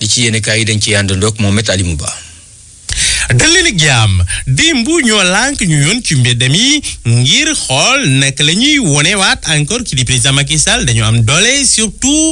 li ci yéene kaay yi dañ ci àndandoog Mohamed Alimu Ba dalleen ak jàmm démb ñoo lànk ñu yoon ci dem yi ngir xool naka la ñuy waat encore ki di président Macky Sall dañu am doole surtout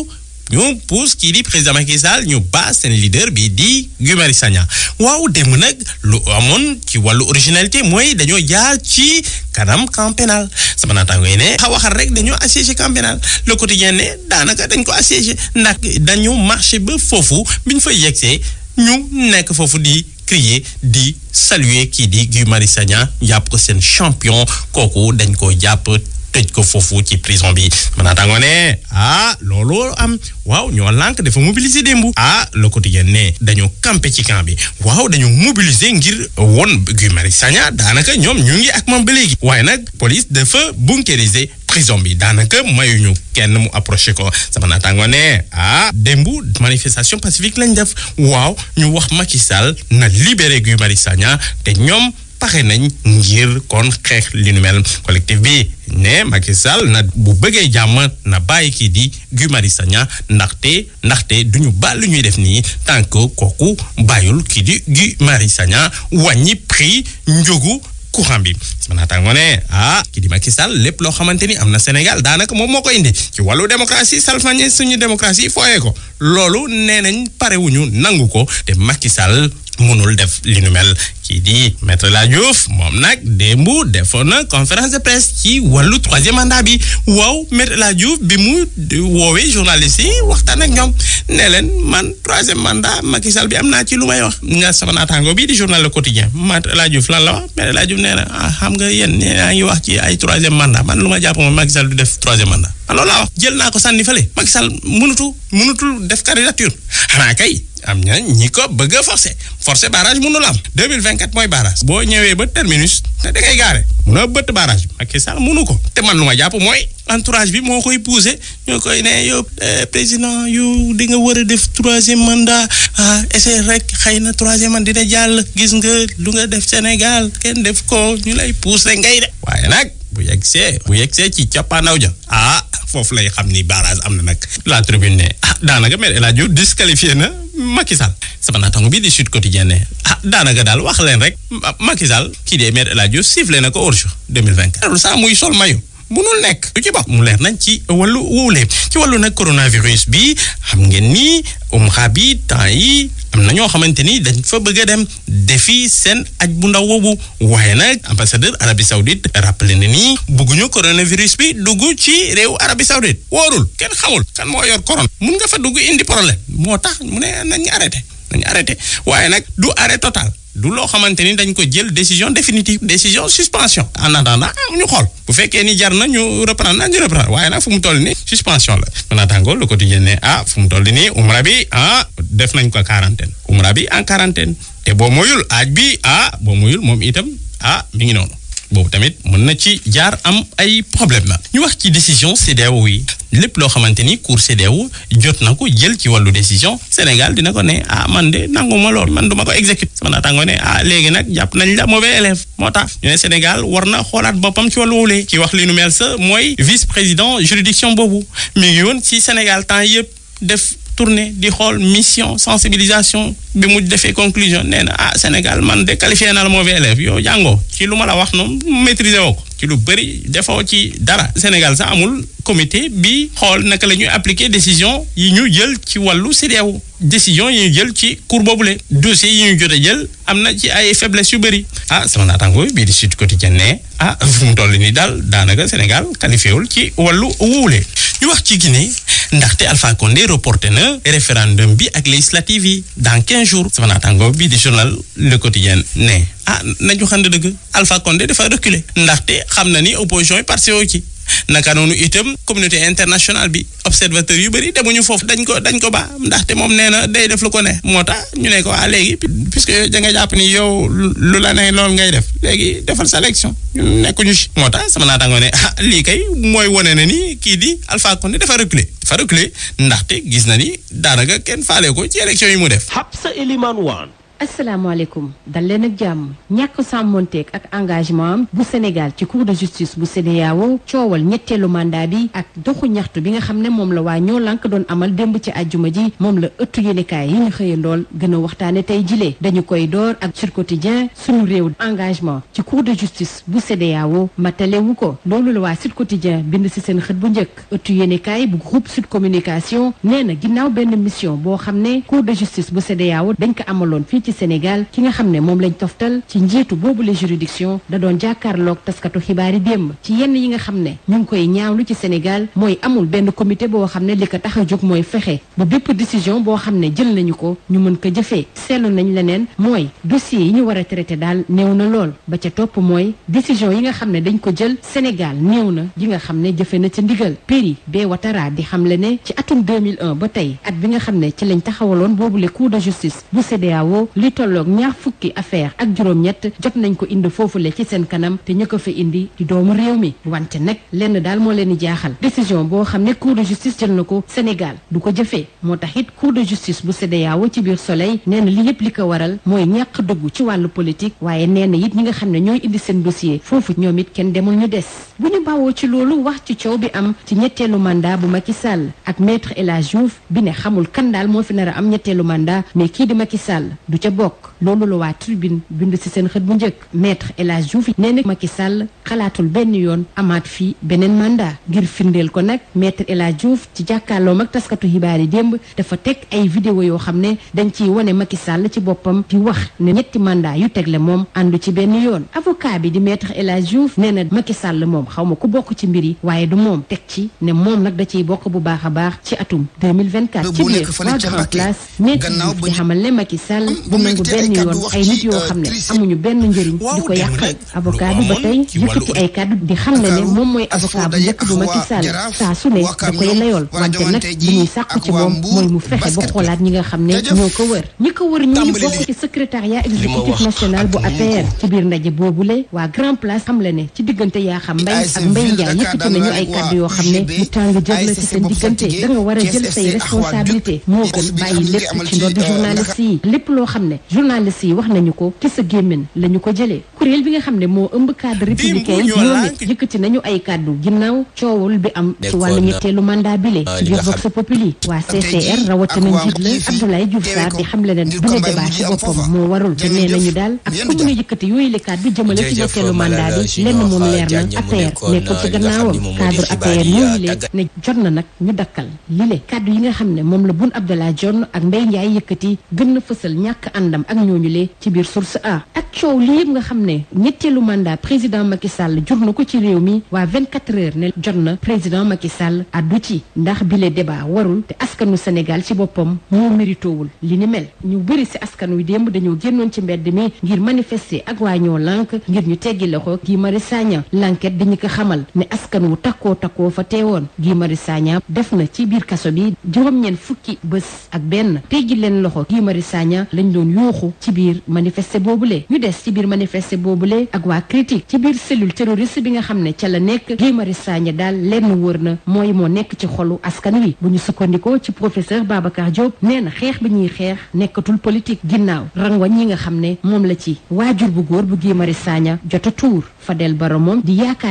ñu puus kii di président Macky Sall ñu ba seen leader bi di Guy Marius Sagna waaw dem nag lu amoon ci wàllu originalité mooy dañoo jaar ci kanam camp pénal sama naataango yi ne xaw waxal rek dañoo assiégé camp pénal le ne daanaka dañ ko assiégé ndax dañoo marché ba foofu bi ñu fa yegsee ñu nekk foofu di crier di saluer kii di Guy Marius Sagna jàpp ko seen champion kooku dañ ko jàpp tëj ko foofu ci prison bi sama naataango ne ah loolu am waaw ñoo lànk dafa mobiliser démb ah ko quotidien ne dañoo campé ci camp bi waaw dañoo mobiliser ngir won Guy Marius Sagna daanaka ñoom ñu ngi ak moom ba léegi waaye nag police dafa bunkériser prison bi daanaka mayu mayuñu kenn mu approché ko sama naataango ne ah démb manifestation pacifique lañ def waaw ñu wax Macky Sall na libéré Guy Marius Sagna te ñoom pare nañ ngir kon xeex li nu mel collectif bi ne Macky Sall na bu bëggee jàmm na bàyyi kii di Guy Marius Sagna ndaxte ndaxte duñu ñu baal lu ñuy def nii tant kooku bàyyul kii di Guy Marius Sagna wàññi prix njógu courant bi sama naataango ne ah kii di Macky Sall lépp loo xamante ni am na Sénégal daanaka moom moo ko indi ci wàllu démocratie salfañe suñu démocratie fooyee ko loolu nee nañ parewuñu nangu ko te Macky munul def li nu mel ci di maître la Diouf moom nag démb defoon na conférence de presse ci wàllu troisième mandat bi waaw maître la Diouf bi mu woowee journaliste yi waxtaan ak ñoom ne leen man troisième mandat Macky Sall bi am naa ci lu may wax nga sama naataango bii di journal Le Quotidien la Diouf lan la wax la Diouf nee na ah nga yéen ngi wax ci ay troisième mandat man lu ma jàpp moom Macky Sall du def troisième mandat alors laa wax jël naa ko sànni fële Macky Sall mënutu mënutul def candidature xanaa kay am na ñi ko bëgg force forcer forcer barrage mënul am 2024 mooy barrage boo ñëwee ba terminus te da ngay gaare mënoo bëtt barrage bi Macky Sall mënu ko te man lu ma jàpp mooy entourage bi moo koy poussé ñoo koy ne yow euh, président yow di nga war a def troisième mandat ah essayer rek xëy na troisième mandat dina jàll gis nga lu nga def Sénégal kenn def ko ñu lay poussé ngay de waaye nag bu yegsee bu yegsee ci cappaandaw ja ah, foofu lay xam ni barrage am na nag la tribune ne ah daanaka Me El Hadji Diouf disqualifié na Macky Sall sama naataango bi di Sud Quotidien ne ah daanaka daal wax leen rek Macky Sall kii dee Me El Hadji Diouf sifflé na ko hors jeu 2024 saa muy sol mayo munul nekk du ci bokk mu leer nañ ci wàllu wuule ci wàllu nag coronavirus bi xam ngeen ni umra bi temps yi am na ñoo xamante ni dañ fa bëgg a dem defi seen aj bu ndaw boobu waaye nag ambassadeur Arabie Saoudite rappelé na ni bëgguñu coronavirus bi dugg ci réew Arabie Saoudite wóorul kenn xawul kan moo yor corona mun nga fa dugg indi problème moo tax mu ne nañ arrêté nañ arrêté waaye nag du arrêt total. du loo xamante ni dañ ko jël décision définitive décision suspension en attendant ñu xool bu fekkee ni jar na ñu reprendre na ñu reprendre waaye nag fu mu toll nii suspension la su naataango ko quotidien ne ah fu toll ni umra bi ah def nañ ko quarantaine umra bi en quarantaine te boo moyul aaj bi ah boo moyul moom itam ah mi ngi noonu boobu tamit mën na ci jaar am ay problème la ñu wax ci décision CEDEAO yi lépp loo xamante ni cour CEDEAO jot na ko jël ci wàllu décision Sénégal dina ko ne ah man de nangu ma lool man du ma ko exécute sama naataango ne ah léegi nag jàpp nañ la mauvais élève moo tax ñu Sénégal war na xoolaat boppam ci wàllu ci wax li mel sa mooy vice président juridiction boobu mi ngi woon ci Sénégal temps yëpp def tournée di xool mission sensibilisation bi mu defee conclusion nee na ah Sénégal man de qualifié na la mauvais élève yow jàngoo ci lu ma la wax noonu maîtriser woo ko ci lu bëri defoo ci dara Sénégal sax amul comité bi xool naka la ñuy appliquer décision yi ñu jël ci wàllu CEDEAO décision yi ñu jël ci cour boobule dossier yi ñu jot a jël am na ci ay faiblesse yu bëri ah sama naataango bii di Sud Quotidien ne ah fu mu toll nii daal daanaka Sénégal qualifié wul ci wàllu wuule ñu wax ci Guinée ndaxte Alpha Condé reporté na référendum bi ak législative yi dans quinze jours naa naataango bii di journal Le Quotidien ne ah nañu xam ne dëgg Alpha Condé dafa reculer ndaxte xam na ni opposition yi parti ci naka noonu itam communauté internationale bi observateur yu bëri demuñu foofu dañ ko dañ ko ba ndaxte moom nee na day def lu ko ne moo tax ñu ne ko waa léegi puisque yow nga jàpp ni yow lu la ne loolu ngay def léegi defal sa élection ñun nekkuñu si moo tax sama naataangoo ne ah lii kay mooy wane na ni kii di Alpha Condé dafa reculer dafa reculer ndaxte gis na ni daanaka kenn faale ko ci élection yi mu def. Habsa asalaamaaleykum dal leen ak jàmm ñàkk sàmmonteeg ak engagement bu Sénégal ci cour de justice bu CEDEAO coowal ñetteelu mandat bi ak doxu ñaxtu bi nga xam ne moom la waa ñoo lank doon amal démb ci àjjuma ji moom la ëttu yéenekaay yi ñu xëya ndool gën a waxtaane tey jilee dañu koy door ak sur quotidien suñu réew engagement ci cour de justice bu CEDEAO matalewu ko loolu la waa Sud Quotidien bind si seen xët bu njëkk ëttu yéenekaay bu groupe Sud Communication nee na ginnaaw benn mission boo xam ne cour de justice bu dañ ko amaloon fii ci Sénégal ki nga xam ne moom lañ toftal ci njiitu boobule juridiction da doon jàkkaarloog taskatu xibaar yi démb ci yenn yi nga xam ne ñu ngi koy ñaawlu ci Sénégal mooy amul benn comité boo xam ne li ko tax a jóg mooy fexe ba bépp décision boo xam ne jël nañu ko ñu mën ko jëfee seetlu nañ leneen mooy dossier yi ñu war a traité daal néew na lool ba ca topp mooy décision yi nga xam ne dañ ko jël Sénégal néew na ji nga xam ne jëfe na ca ndigal Pierre B. Ouattara di xamle ne ci atum 2001 ba tey at bi nga xam ne ci lañ taxawaloon boobule cour li tolloog ñaar fukki affaire ak juróom-ñett jot nañ ko indi foofu foofule ci seen kanam te ña ko fa indi di doomu réew mi wante nag lenn daal moo leen di jaaxal décision boo xam ne cour de justice jël na ko Sénégal du ko jëfee moo tax it cour de justice bu CEDEAO ci biir soleil nee na li yëpp li ko waral mooy ñàkk dëggu ci wàllu politique waaye nee yit ñi nga xam ne ñooy indi seen dossier foofu ñoom it kenn demul ñu des bu ñu bawoo ci loolu wax ci coow bi am ci ñetteelu mandat bu Macky Sall ak maître El Hadji bi ne xamul kan daal moo fi nar a am ñetteelu mandat mais kii di Macky Sall du ca bokk loolu la waa tribune bind ci seen xët bu njëkk maître El Hadji Diouf nee na Macky Sall xalaatul benn yoon amaat fii beneen mandat ngir firndeel ko nag maître El Hadji ci jàkkaarloom ak taskatu xibaar yi démb dafa teg ay vidéo yoo xam ne dañ ciy wane Macky Sall ci boppam di wax ne ñetti mandat yu tegle moom àndu ci benn yoon avocat bi di maître El Hadji Diouf nee na Macky Sall moom xaw ma ku bokk ci mbir yi waaye du moom teg ci ne moom nag da ciy bokk bu baax a baax ci atum 2024 ci biir waa grand place metti di xamal ne Macky Sall bu nangu benn yoon ay nit yoo euh, xam ne amuñu benn njëriñ di ko yàqal avocat bi ba tey yëkkati ay kaddu di xam ne ne moom mooy avocat bu njëkk bu Macky Sall saa su ne da koy layool wante nag li ñuy sàkku ci moom mooy mu fexe ba xoolaat ñi nga xam ne ñoo ko wër ñi ko wër ñoo ngi bokk ci secrétariat exécutif national waa grand place xam le ne ci diggante yaa xam mbay sax Mbaye Ndiaye yëkkati nañu ay kàddu yoo xam ne bu tàng jër la ci sa diggante da war a jël say responsabilité moo gën bàyyi lépp ci ndodd journaliste yi lépp loo xam ne journaliste yi wax nañu ko ci sa gémmiñ la ko jëlee kuréel bi nga xam ne moo ëmb cadre républicain yi ñoom it yëkkati nañu ay kàddu ginnaaw coowul bi am ci wàllu ñetteelu mandat bi le ci biir vox populi waa CCR rawatina njiit la Abdoulaye Diouf Sarr di xam le ne bi la débat ci boppam moo warul te nee nañu daal ak a nekkoon ci euh, gannaawam cadre APR moomu ah, lee ne jot na nag ñu dakkal lile kàddu yi nga xam ne moom la Boun Abdallah Dionne ak Mbaye Ndiaye yëkkati gën na fësal ñàkk àndam ak ñooñu le ci biir source a ak coow li yëpp nga xam ne ñetteelu mandat président Macky Sall jur na ko ci réew mi waa 24 heures ne jot na président Macky Sall addu ci ndax bile débat warul te askanu Sénégal ci boppam moo méritowul li ni mel ñu bëri si askan wi démb dañoo génnoon ci mbedd mi ngir manifester ak waa ñoo lànk ñu teggi loxo kii Mari Sagna ko xamal ne askan wu takkoo takkoo fa teewoon Guy Marius Sagna def na ci biir kaso bi juróom-ñeent fukki bés ak benn tey ji leen loxo Guy Marius Sagna lañ doon yuuxu ci biir boobu lee ñu des ci biir manifesté lee ak waa critique ci biir cellule terroriste bi nga xam ne ca la nekk Guy Marius Sagna daal lenn wër na mooy moo nekk ci xolu askan wi bu ñu sukkandikoo ci professeur Babacar Diop nee na xeex bi ñuy xeex nekkatul politique ginnaaw rangoñ yi nga xam ne moom la ci waajur bu góor bu Guy Marius Sagna jota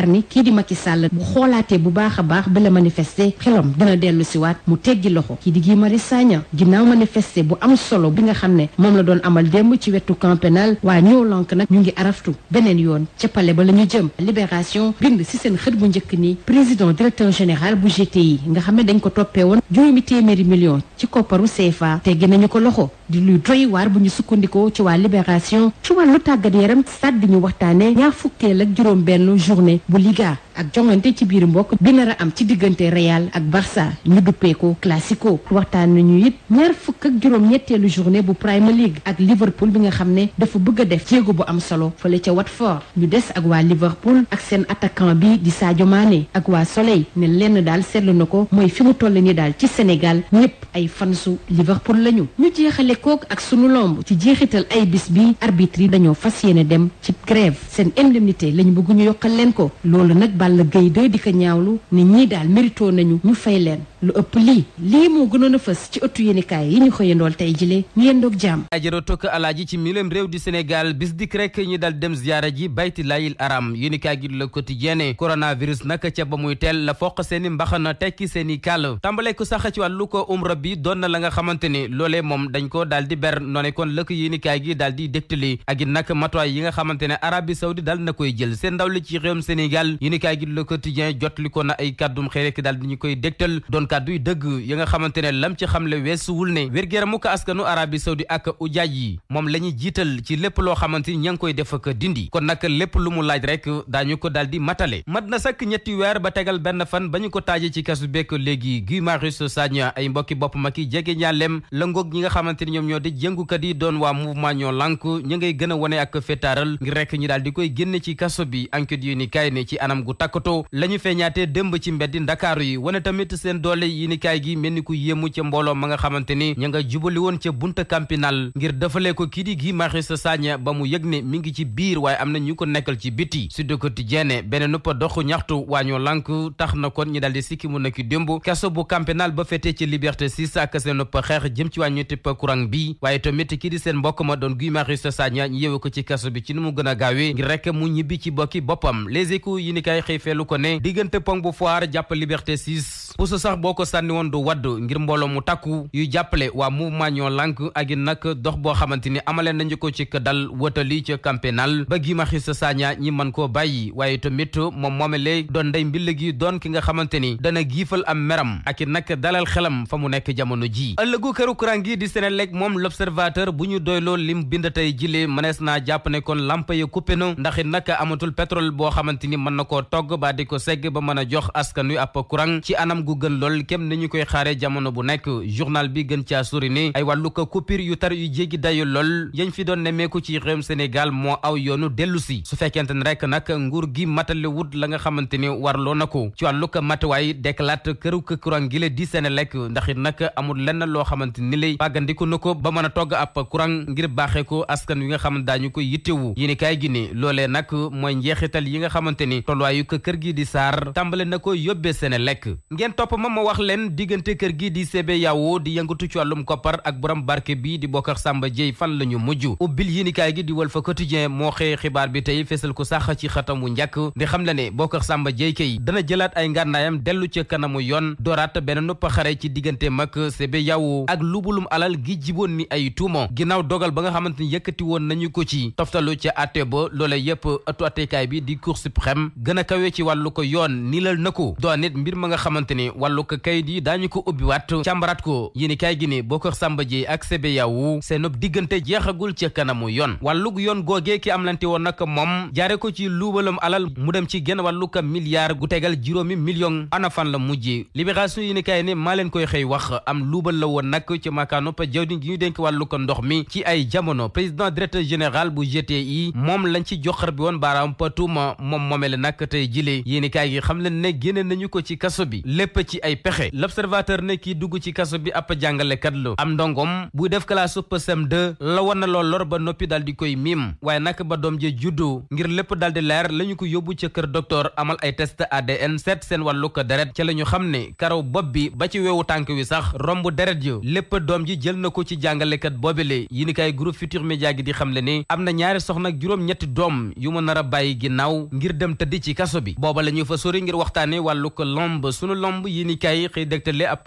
ni kii di Macky Sall bu xoolaatee bu baax a baax ba la manifester xelam dina dellu siwaat mu teggi loxo kii di Guy Marius ginnaaw manifester bu am solo bi nga xam ne moom la doon amal démb ci wetu camp pénal waa ñoo lank nag ñu ngi araftu beneen yoon ca palais ba la ñu jëm libération bind si seen xët bu njëkk ni président directeur général bu GTI nga xam ne dañ ko toppee woon juróomi téeméeri million ci kopparu CFA teggi nañu ko loxo di luy doy bu ñu sukkandikoo ci waa libération ci wàllu tàggat yaram stade bi ñu waxtaanee ñaar fukkeel ak juróom benn journée Liga ak jongante ci biir mbokk bi nar a am ci diggante Real ak Barça ñu duppeeku Classico waxtaan nañu it ñaar fukk ak juróom-ñetteelu journée bu Premier League ak Liverpool bi nga xam ne dafa bëgg def jéego bu am solo fële ca Watford ñu des ak waa Liverpool ak seen attaquant bi di Sadio Mané ak waa Soleil ne lenn daal seetlu na ko mooy fi mu toll ni daal ci Sénégal ñëpp ay fansu Liverpool lañu ñu jeexale kook ak sunu lomb ci jeexital ay bis bi arbitre yi dañoo fas yéene dem ci grève seen indemnité lañu bëgg ñu yokkal leen ko loolu nag Balla Gaye 2 di ko ñaawlu ni ñii daal mérito nañu ñu fay leen lu ëpp lii lii moo gënoon a fës ci ëttu yéenekaay yi ñu xëyandool tey jile ñu yendoog jàmm ajëro tokk alaaji ci milim réew di Sénégal bis dik rek ñu dal dem ziyaara ji bayti layil aram yéenekaay gi la quotidien coronavirus naka ca ba muy teel la foq seeni mbaxana tekki seeni kàll tàmbale ko sax ci wàllu ko umra bi doon na la nga xamante ni loolee moom dañ ko daal di ber noone kon lëkk yéenekaay gi daal di dégtali ak it matuwaay yi nga xamante ne Arabie Saoudite daal na koy jël seen ndaw li ci réewum Sénégal yéenekaay gi Le Quotidien jot li ko na ay kàddum xëy rek daal di ñu koy dégtal doon kàddu yu dëgg yi nga xamante ne lam ci xamle weesuwul ne wér-gu-yaramu ko askanu Arabie Saoudi ak ujaaj yi moom la ñuy jiital ci lépp loo xamante ni ña ngi koy def ak dindi kon nag lépp lu mu laaj rek ñu ko daal di matale mat na sakk ñetti weer ba tegal benn fan ba ñu ko taaje ci kasu bekk léegi Guy Marius Sagna ay mbokki bopp ma ki jege ñaaleem lëngoog ñi nga xamante ni ñoom ñoo di jëngukat yi doon waa mouvement ñoo lànk ñu ngay gën a wone ak fétaaral ngir daal di koy génne ci kaso bi enquête yu ni kaay ne ci anam gu takkatoo la ñu feeñaatee démb ci mbeddi ndakaaru yi wane tamit seen doole yi ni kaay gi mel ni ku yéemu ca mbooloo ma nga xamante ni ña nga jubali woon ca bunta campinal ngir defalee ko kii di Guy Marius Sagna ba mu yëg ne mi ngi ci biir waaye am na ñu ko nekkal ci biti Sud Quotidien beneen nuppa doxu ñaxtu waa lank tax na kon ñi daal di sikki mu nekk démb kaso bu campinal ba fetee ci liberté 6 ak seen nuppa xeex jëm ci wàññu tëpp courant bi waaye tamit kii di mbokk ma doon Guy Marius Sagna ñu yewe ko ci kaso bi ci nu mu gën a gaawee rek mu ñibbi ci bokki boppam yi ni kay xëy feelu ko ne diggante pont fo foire jàpp liberté 6 puus puus sax boo ko sànni woon du wadd ngir mbooloo mu takku yuy jàppale waa mouvement ñoo lànk ak nag dox boo xamante ni amaleen nañu ko ci dal wëtali ca campénal ba Guy Marius Sagna ñi man koo bàyyi waaye tamit moom moomele doon ndey mbille gi doon ki nga xamante ni dana giifal am meram ak it nag dalal xelam fa mu nekk jamono ji ëllëgu këru kuraan gi di Senelec moom l'observateur bu ñu doyloo lim bind tey jilee mënees naa jàpp ne kon lampe ya coupé na nag amatul pétrole boo xamante ni mën na koo togg ba di ko ba mën a jox askan anam gu gën lool kem ni ñu koy xaare jamono bu nekk journal bi gën caa sori ni ay wàllu ko coupure yu tar yu jéggi dayu lool yañ fi doon nemmeeku ci réewum Sénégal moo aw yoonu dellu si su fekkent ne rek nag nguur gi matale wut la nga xamante ni warloo na ko ci wàllu ko matuwaay déclate këru ko courant gi la di Senelec ndax it nag amul lenn loo xamante ni lay bàggandiku na ko ba mën a togg ab courant ngir baaxee ko askan wi nga xam daañu ko yittewu yéen kaay gi ni loolee nag mooy njeexital yi nga xamante ni tolluwaayu ko kër gi di saar tàmbale na ngeen topp ma ma wax leen diggante kër gi di CBAO di yëngatu ci wàllum koppar ak borom barke bi di Bocar Samba Dièye fan la ñu mujj ubbil yéenikaay gi fa Walf Quotidien moo xëy xibaar bi tey fesal ko sax ci xatam wu njàkk di xam la ne Bocar Samba Dièye kay dana jëlaat ay ngànnaayam dellu ca kanamu yoon dooraat beneen nupp xare ci diggante mag CBAO ak lubulum alal gi jiboon ni ay tuuma ginnaaw dogal ba nga xamante ni yëkkati woon nañu ko ci toftalu ca atte ba loola yëpp ëttu attekaay bi di Cour suprême gën a kawe ci wàllu yoon ni na ko ni wàllug kayit yi daañu ko ubbiwaat càmbaraat ko yéen kaay gi ni Bocar Samba Dièye ak CBAO seenub diggante jeexagul ci mu yoon wàllug yoon googee ki am lante woon nag moom jaare ko ci luubalam alal mu dem ci genn wàllug milliard gu tegal juróomi million ana fan la mujj libération yéen kaay ni maa leen koy xëy wax am luubal la woon nag ci makaano pa jawdi gi ñu dénk wàllug ndox mi ci ay jamono président directeur général bu GTI moom lañ ci joxar bi woon baaraam patuma moom moomele nag tey jile yéen kaay gi xam leen ne génne lépp ci ay pexe l'observateur ne kii dugg ci kaso bi ab jàngalekat la am ndongom buy def classe supp CM2 la war na loo ba noppi daal di koy miim waaye nag ba doom je juddu ngir lépp daal di leer la ñu ko yóbbu ca kër docteur amal ay test ADN seet seen walluka ko deret ca la ñu xam ne karaw bopp bi ba ci weewu tànk wi sax romb deret yu lépp doom ji jël na ko ci jàngalekat boobile yi ni kay groupe Futurs Médias gi di xam le ni am na ñaari soxna juróom-ñetti doom yu mu nar a bàyyi ginnaaw ngir dem tëddi ci kaso bi booba la ñu fa sori ngir waxtaane wàllu lomb sunu lomb lamb yéen i kaay xëy dégtale ab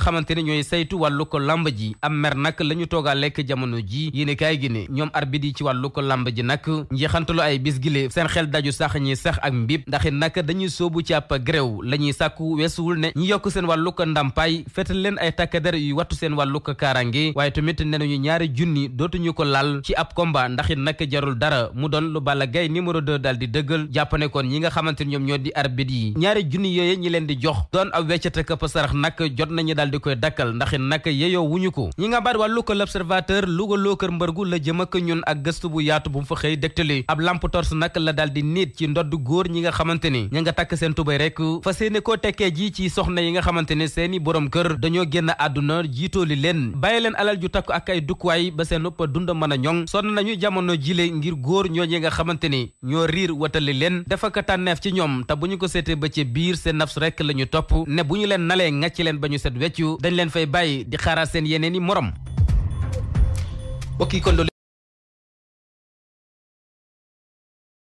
xamante ne ñooy saytu wàllu ko lamb ji am mer nag la ñu toogaa lekk jamono ji yéen kaay gi ne ñoom arbitre yi ci wàllu ko lamb ji nag njeexantalu ay bis gile seen xel daju sax ñi sax ak mbib ndaxit nag dañuy soobu ci ab gréew la ñuy sàkku weesuwul ne ñi yokk seen wàllu ko ndàmpaay fetal leen ay takkader yu wattu seen wàllu ko kaarange waaye tamit ne ñu ñaari junni dootuñu ko laal ci ab combat ndaxit nag jarul dara mu doon lu Balla Gaye numéro 2 dal di dëggal jàpp ne ñi nga xamante ne ñoom ñoo di arbitre yi ñaari junni yooye ñi leen di jox doon ab weccate këpp sarax nag jot nañu daal di koy dakkal ndax nag yeyoo wuñu ko ñi nga baat wàllu ko l'observateur Louga loo kër mbërgu la jëm ñun ak gëstu bu yaatu bu mu fa xëy dégtali ab lampe torche nag la daal di ci ndodd góor ñi nga xamante ni ña nga takk seen tubay rek fa yi nga xamante ni seeni borom kër dañoo génn àdduna jiitooli leen bàyyi ba seen ëpp dund mën a ñoŋ sonn nañu jamono jile ngir góor ñoo ñi nga xamante ni ñoo riir watali leen dafa ko tànneef ci ñoom te bu ñu ko seetee ba seen nafs rek la ñu topp ne bu ñu leen nalee ngàcc leen ba ñu set weccu dañ leen fay bàyyi di xaaraat seen yeneen i morom